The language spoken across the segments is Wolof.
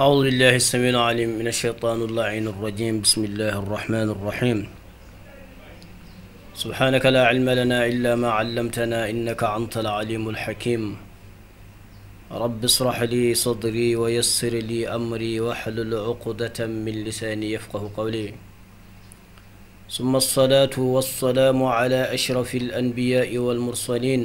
أعوذ بالله السميع العليم من الشيطان اللعين الرجيم بسم الله الرحمن الرحيم سبحانك لا علم لنا إلا ما علمتنا إنك أنت العليم الحكيم رب اشرح لي صدري ويسر لي أمري واحلل عقدة من لساني يفقه قولي ثم الصلاة والسلام على أشرف الأنبياء والمرسلين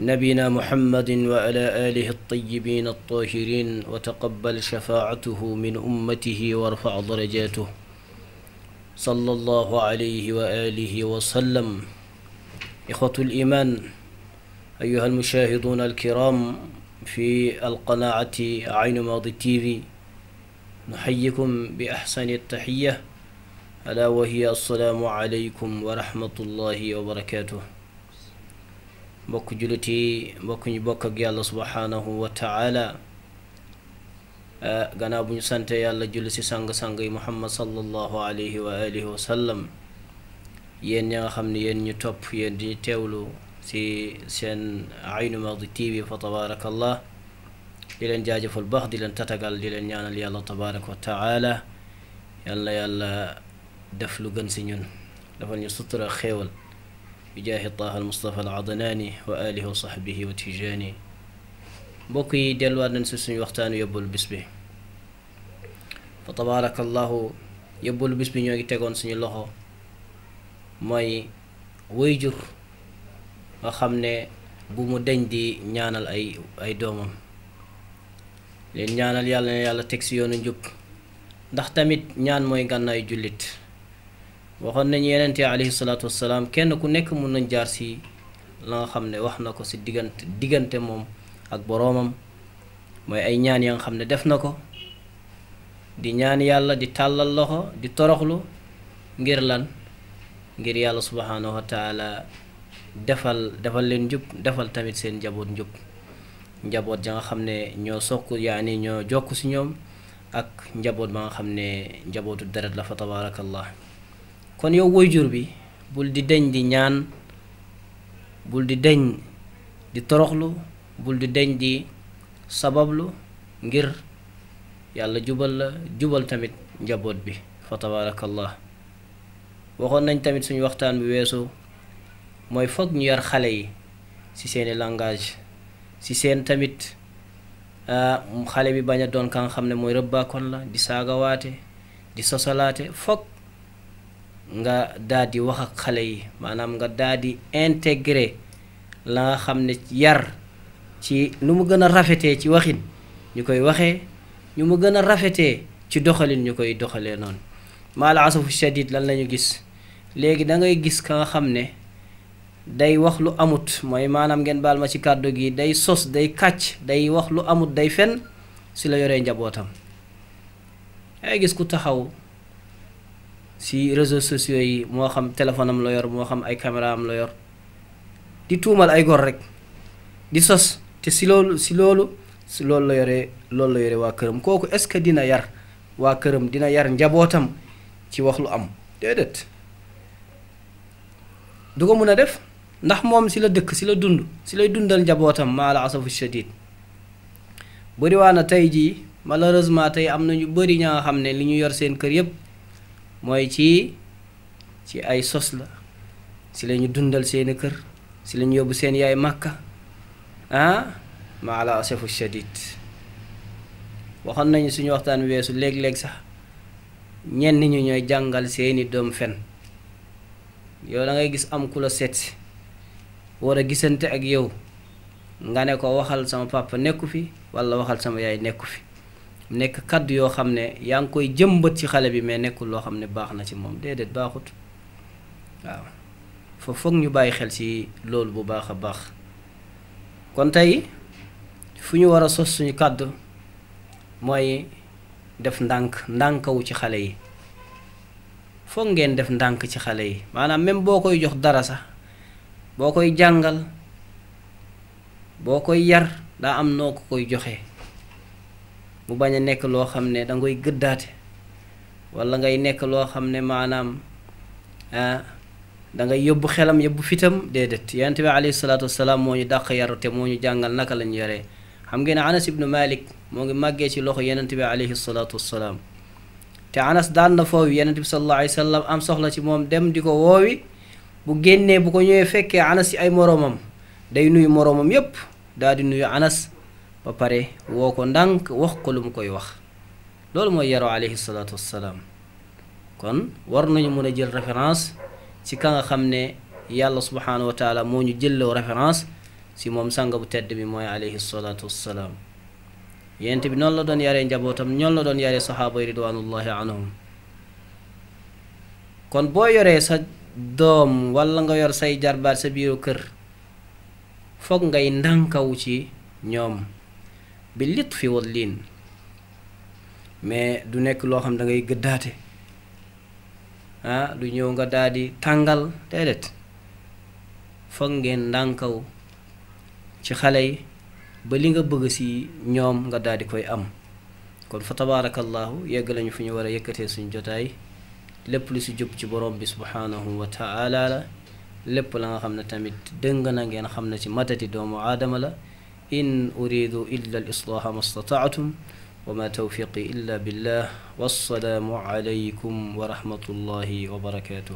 نبينا محمد وعلى آله الطيبين الطاهرين وتقبل شفاعته من أمته وارفع درجاته صلى الله عليه وآله وسلم إخوة الإيمان أيها المشاهدون الكرام في القناعة عين ماضي تيفي نحييكم بأحسن التحية ألا وهي السلام عليكم ورحمة الله وبركاته بوك جلتي بوك بوك الله سبحانه وتعالى غناب أه نسانت يا الله جلسي سانغ سانغ محمد صلى الله عليه وآله وسلم ين يا خمني ين يتوب ين تولو سي سن عين ماضي تيبي فتبارك الله دلن جاجف البخ دلن تتقال دلن يانا يا الله تبارك وتعالى يا الله دفلو غنسي نون دفن خيول بجاه طه المصطفى العضناني وآله وصحبه وتجاني بوكي ديال وارد نسوسن يوختان يبو البسبه فتبارك الله يبو البسبه نيوغي تغون سن يلوخو موي ويجر وخمني بومو دين دي نيانال اي اي دومم لين نيانال يالا يالا تكسيون نجوب ndax tamit ñaan mooy gannaay waxoon nañu yeneen yi alayhi salaatu salaam kenn ku nekk mun nañ jaar si la nga xam ne wax na ko si diggante diggante moom ak boroomam mooy ay ñaan ya nga xam ne def na ko di ñaan yàlla di tàllal loxo di toroxlu ngir lan ngir yàlla subhaanahu wa defal defal leen njub defal tamit seen njaboot njub njaboot ja nga xam ne ñoo soq yaani ñoo jokk si ñoom ak njaboot ba nga xam ne njabootu deret la fa tabaarakallah kon yow jur bi bul di deñ di ñaan bul di deñ di toroxlu bul di deñ di sabablu ngir yàlla jubal la jubal tamit njaboot bi fa tabaarakallah waxoon nañ tamit suñu waxtaan bi weesu mooy foog ñu yar xale yi ci seeni langage ci seen tamit ah, xale bi bañ a doon ka nga xam ne mooy rëbbaakoon la di saagawaate di sosalaate foog nga daal di wax ak xale yi maanaam nga daal di intégré la nga xam ne yar ci lu mu gën a rafetee ci waxin ñu koy waxee ñu mu gën a rafetee ci doxalin ñu koy doxalee noonu maal asafu shadid lan lañu gis léegi da ngay gis ka nga xam ne day wax lu amut mooy maanaam ngeen baal ma ci kàddu gi day sos day kàcc day wax lu amut day fen si la yore njabootam ay gis ku taxaw si réseau sociaux yi moo xam téléphone am la yor moo xam ay caméra am la yor di tuumal ay gor rek di sos te si loolu si loolu si loolu la yore loolu la yore waa këram kooku est-ce que dina yar waa këram dina yar njabootam ci wax lu am déedéet du ko mun a def ndax moom si la dëkk si la dund si lay dundal njabootam maa la asafu shadid bëriwaa na tey jii malheureusement tey am na ñu bëri ña nga xam ne li ñu yor seen kër yëpp mooy ci ci ay sos la si lañu dundal seen kër si lañu yóbbu seen yaay màkka ah ma ala asafu shadid waxon nañu suñu waxtaan weesu léeg-léeg sax ñenn ñu ñooy jàngal seeni doom fen yow da ngay gis am ku la seet war a gisante ak yow nga ne ko waxal sama papa nekku fi wala waxal sama yaay nekku fi nekk kàdd yoo xam ne yaa ngi koy jëmbat ci xale bi mais nekkul loo xam ne baax na ci moom déedéet baaxut waaw fa foog ñu bàyyi xel ci loolu bu baax a baax kon tey fu ñu war a sos suñu kàddu mooy def ndànk ndànkawu ci xale yi foog ngeen def ndànk ci xale yi maanaam même boo koy jox dara sax boo koy jàngal boo koy yar daa am noo ko koy joxe mu bañ a nekk loo xam ne da ngay gëddaate wala ngay nekk loo xam ne maanaam ah, da ngay yóbbu xelam yóbbu fitam déedéet yonente bi alayhi salaatu wasalaam moo ñu dàq yaru te moo ñu jàngal naka lañu yoree xam ngeen anas ibnu malik moo ngi màggee ci loxo yonente bi alayhi salaatu te anas daan na foofu yonente bi sallallahu alayhi am soxla ci moom dem di ko woowi bu génnee bu ko ñëwee fekkee anas ci ay moroomam day nuyu moroomam yépp daal di nuyu anas ba pare woo ko ndànk wax ko lu mu koy wax loolu mooy yaru alayhi salaatu salaam kon war nañu mën a jël référence ci ka nga xam ne yàlla subhaanahu wa taala moo ñu jëlloo référence si moom sang bu tedd bi mooy alayhi salaatu salaam yent bi noonu la doon yaree njabootam ñoonu la doon yaree saxaaba yi ridwanullahi anhum kon boo yoree sa doom walla nga yor say jarbaat sa biiru kër foog ngay ndànkawu ci ñoom bi litfi wal liin mais du nekk loo xam da ngay gëddaate ah du ñëw nga daal tàngal déedéet foog ngeen ndànkaw ci xale yi ba li nga bëgg si ñoom nga daal di koy am kon fa tabaarakallaahu yegg lañu fu ñu war a yëkkatee suñu jotaay lépp lu si jub ci borom bi subhaanahu wa la lépp la nga xam ne tamit dëng na ngeen xam na ci matati doomu aadama la إن أريد إلا الإصلاح ما استطعتم وما توفيقي إلا بالله والسلام عليكم ورحمة الله وبركاته